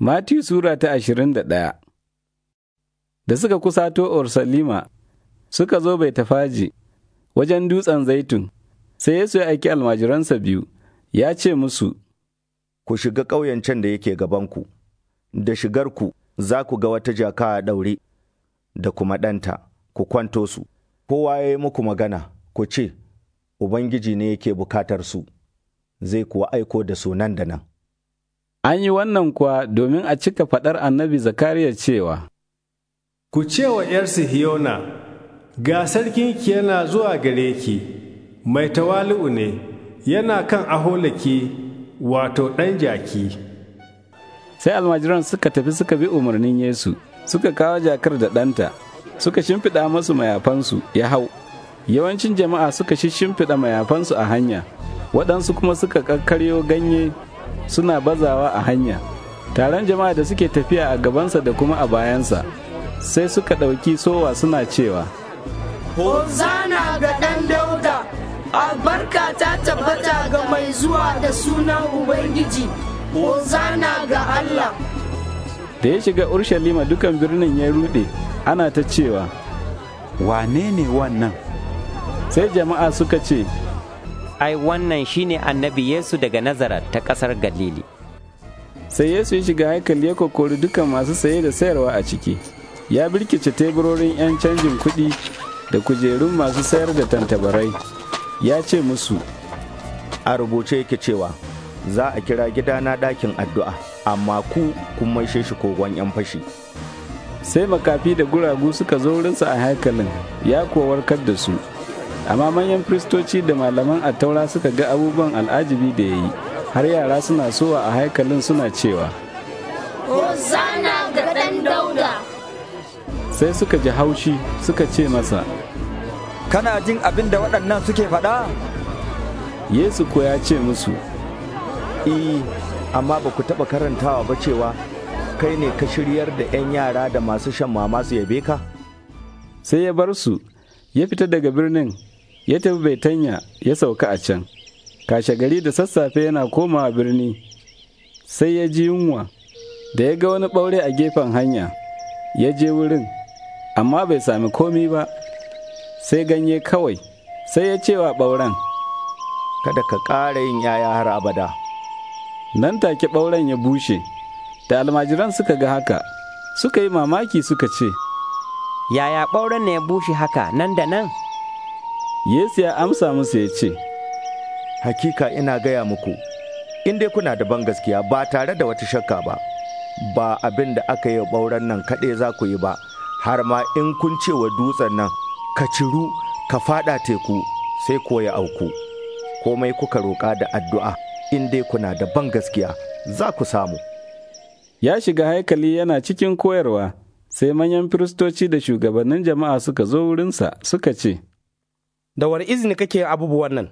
Matiyu Sura ta ashirin da ɗaya Da suka kusa kusato Ursalima, suka zo bai tafaji wajen dutsen zaitun, sai Yesu ya aiki almajiransa biyu, ya ce musu, Ku shiga ƙauyen can da yake gabanku, da shigarku za ku ga wata jaka a ɗaure, da kuma ɗanta, ku kwanto su, kowa ya yi muku magana, ku ce, Ubangiji ne yake bukatar su, zai kuwa aiko da su nan da nan. An yi wannan kuwa domin a cika faɗar annabi Zakariya cewa, Ku ce wa ’yar Sihiyona, ga sarkinki yana zuwa gare ki, mai tawali'u ne, yana kan aholaki wato ɗan jaki. Sai almajiran suka tafi suka bi umarnin Yesu, suka kawo jakar da ɗanta, suka shimfiɗa masu mayafansu ya hau. Yawancin jama'a suka shimfiɗa mayafansu a hanya, waɗansu kuma suka kakkaryo ganye suna bazawa a hanya taron jama'a da suke tafiya a gabansa da kuma a bayansa sai suka ɗauki sowa suna cewa Hosanna ga ɗan dauda albarka ta tabbata ga mai zuwa da sunan ubangiji Hosanna ga allah da ya shiga urshalima dukan birnin ya rude, ana ta cewa wane ne wannan sai jama'a suka ce ai wannan shine annabi Yesu daga Nazaret ta ƙasar Galili. Sai Yesu ya shiga haikali ya kokori dukan masu saye da sayarwa a ciki, ya birkice teburorin 'yan canjin kuɗi da kujerun masu sayar da tantabarai, ya ce musu, A rubuce yake cewa, za a kira gidana ɗakin addu'a, amma ku kun maishe shi kogon 'yan fashi. Sai makafi da guragu suka zo wurinsa a haikalin, ya kuwa warkar da su. amma manyan kristoci da malaman a taura suka ga abubuwan al'ajibi da ya yi har yara suna sowa a haikalin suna cewa Hosanna ga Dan dauda sai suka ji haushi suka ce masa kana jin abin da waɗannan suke faɗa yesu ko ya ce musu E, amma ba ku taɓa karantawa ba cewa kai ne ka shiryar da 'yan yara da masu shan mama su yabe ka sai ya bar su ya fita daga birnin ya tafi betanya ya sauka a can kashe gari da sassafe yana komawa birni sai ya ji yunwa da ya ga wani ɓaure a gefen hanya ya je wurin amma bai sami komi ba sai ganye kawai sai ya cewa wa ɓauren kada ka ƙara yin yaya har abada nan take ɓauren ya bushe da almajiran suka ga haka suka yi mamaki suka ce yaya ɓauren ne ya bushe haka nan da nan Yesu ya amsa musu ya ce, Hakika ina gaya muku, in dai kuna da ban gaskiya ba tare da wata shakka ba, ba abin da aka yi bauren nan kaɗai za ku yi ba, har ma in kun ce wa dutsen nan, ka ciru, ka faɗa teku, sai ko ya auku. Komai kuka roƙa da addu'a, in dai kuna da gaskiya za ku samu. Ya shiga haikali yana cikin koyarwa, sai manyan firistoci da shugabannin jama'a suka zo wurinsa suka ce, da wani izini kake abubuwan nan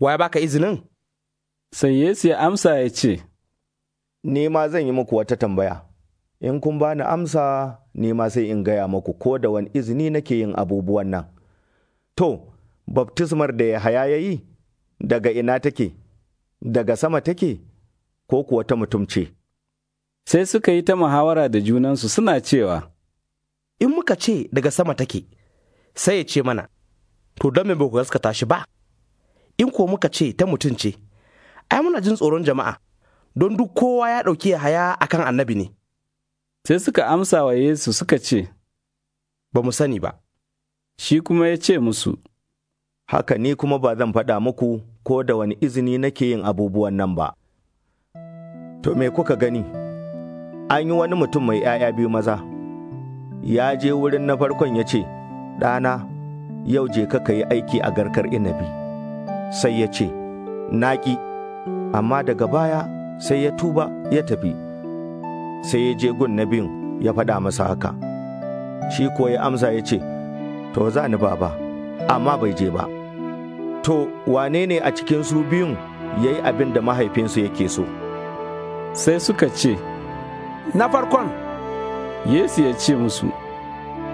waya baka izinin sai yesu ya amsa ya ce ni ma zan yi muku wata tambaya in kun bani amsa ni ma sai in gaya muku ko da wani izini nake yin abubuwan nan to baftismar da ya haya ya yi daga ina take daga sama take ko kuwa ta mutum ce sai suka yi ta muhawara da junansu suna cewa in muka ce daga sama take sai ya ce mana to don me ba ku gaskata shi ba in ko muka ce ta mutum ce ai muna jin tsoron jama'a don duk kowa ya ɗauki haya akan annabi ne sai suka amsa wa yesu suka ce ba mu sani ba shi kuma ya ce musu haka ni kuma ba zan faɗa muku ko da wani izini nake yin abubuwan nan ba to me kuka gani an yi wani mutum mai ‘ya'ya biyu maza ya je wurin na farkon ya ce ɗana yau je ka yi aiki a garkar inabi. Sai ya ce, Naƙi, amma daga baya sai ya tuba ya tafi. Sai ya je gun na biyun ya faɗa masa haka. Shi ko ya amsa ya ce, To za ni baba, amma bai je ba. To, wane ne a cikin su biyun ya yi abin da mahaifinsu yake so? Sai suka ce, Na farkon, Yesu ya ce musu,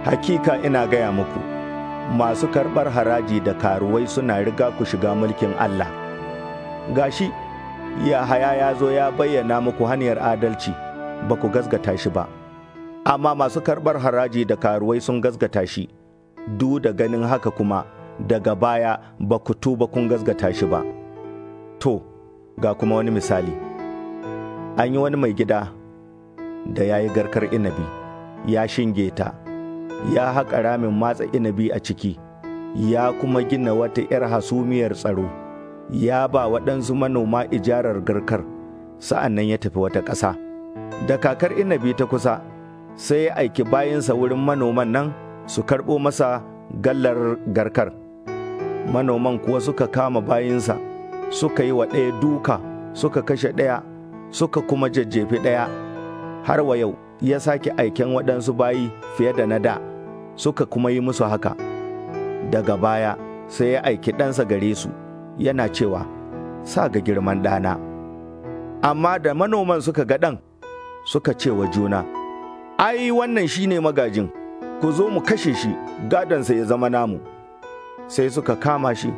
Hakika ina gaya muku. masu karɓar haraji da karuwai suna riga ku shiga mulkin Allah. Gashi, ya haya ya zo ya bayyana muku hanyar adalci, ba ku gazgata shi ba. Amma masu karɓar haraji da karuwai sun gazgata shi, du da ganin haka kuma daga baya ba ku tuba kun gazgata shi ba. To, ga kuma wani misali. An yi wani mai gida da ya yi garkar inabi, ya shinge ta. ya haƙa ramin matsa inabi a ciki, ya kuma gina wata 'yar hasumiyar tsaro, ya ba waɗansu manoma ijarar garkar, sa'an nan ya tafi wata ƙasa. Da kakar inabi ta kusa, sai ya aiki bayansa wurin manoman nan su karɓo masa gallar garkar. Manoman kuwa suka kama bayansa, suka yi wa ɗaya duka, suka kashe ɗaya, suka kuma jajjefi ɗaya, har wa yau. ya sake aiken waɗansu bayi fiye da na da suka kuma yi musu haka daga baya sai ya aiki ɗansa gare su yana cewa sa ga girman ɗana amma da manoman suka ga ɗan suka ce wa juna ai wannan shi ne magajin ku zo mu kashe shi gadonsa ya zama namu sai suka kama shi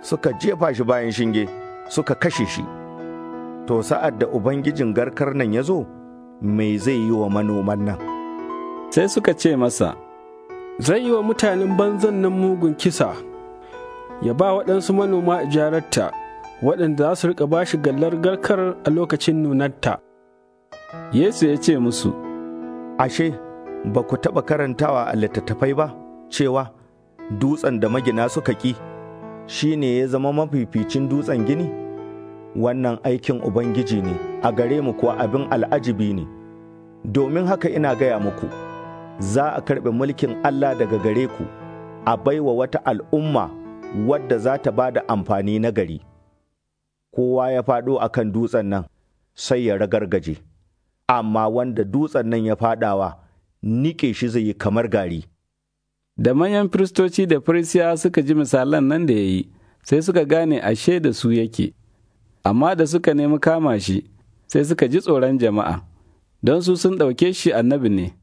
suka jefa shi bayan shinge suka kashe shi to sa'ad da ubangijin garkar nan ya zo me zai yi wa manoman nan sai suka ce masa zai yi wa mutanen banzan nan mugun kisa ya ba waɗansu manoma jararta, waɗanda za su riƙa ba shi gallar garkar a lokacin nunarta yesu ya ce musu ashe ba ku taɓa karantawa a littattafai ba cewa dutsen da magina suka ƙi shi ne ya zama mafificin dutsen gini? wannan aikin Ubangiji ne, a gare mu kuwa abin al'ajibi ne. Domin haka ina gaya muku, za a karɓi mulkin Allah daga gare ku, a baiwa wata al'umma wadda za ta ba da amfani na gari. Kowa ya faɗo a kan dutsen nan, sai ya ragargaje, amma wanda dutsen nan ya faɗawa, niƙe shi zai yi kamar gari. Da manyan firistoci da firisiya suka ji misalan nan da ya yi, sai suka gane ashe da su yake. amma da suka nemi kama shi sai suka ji tsoron jama'a don su sun ɗauke shi annabi ne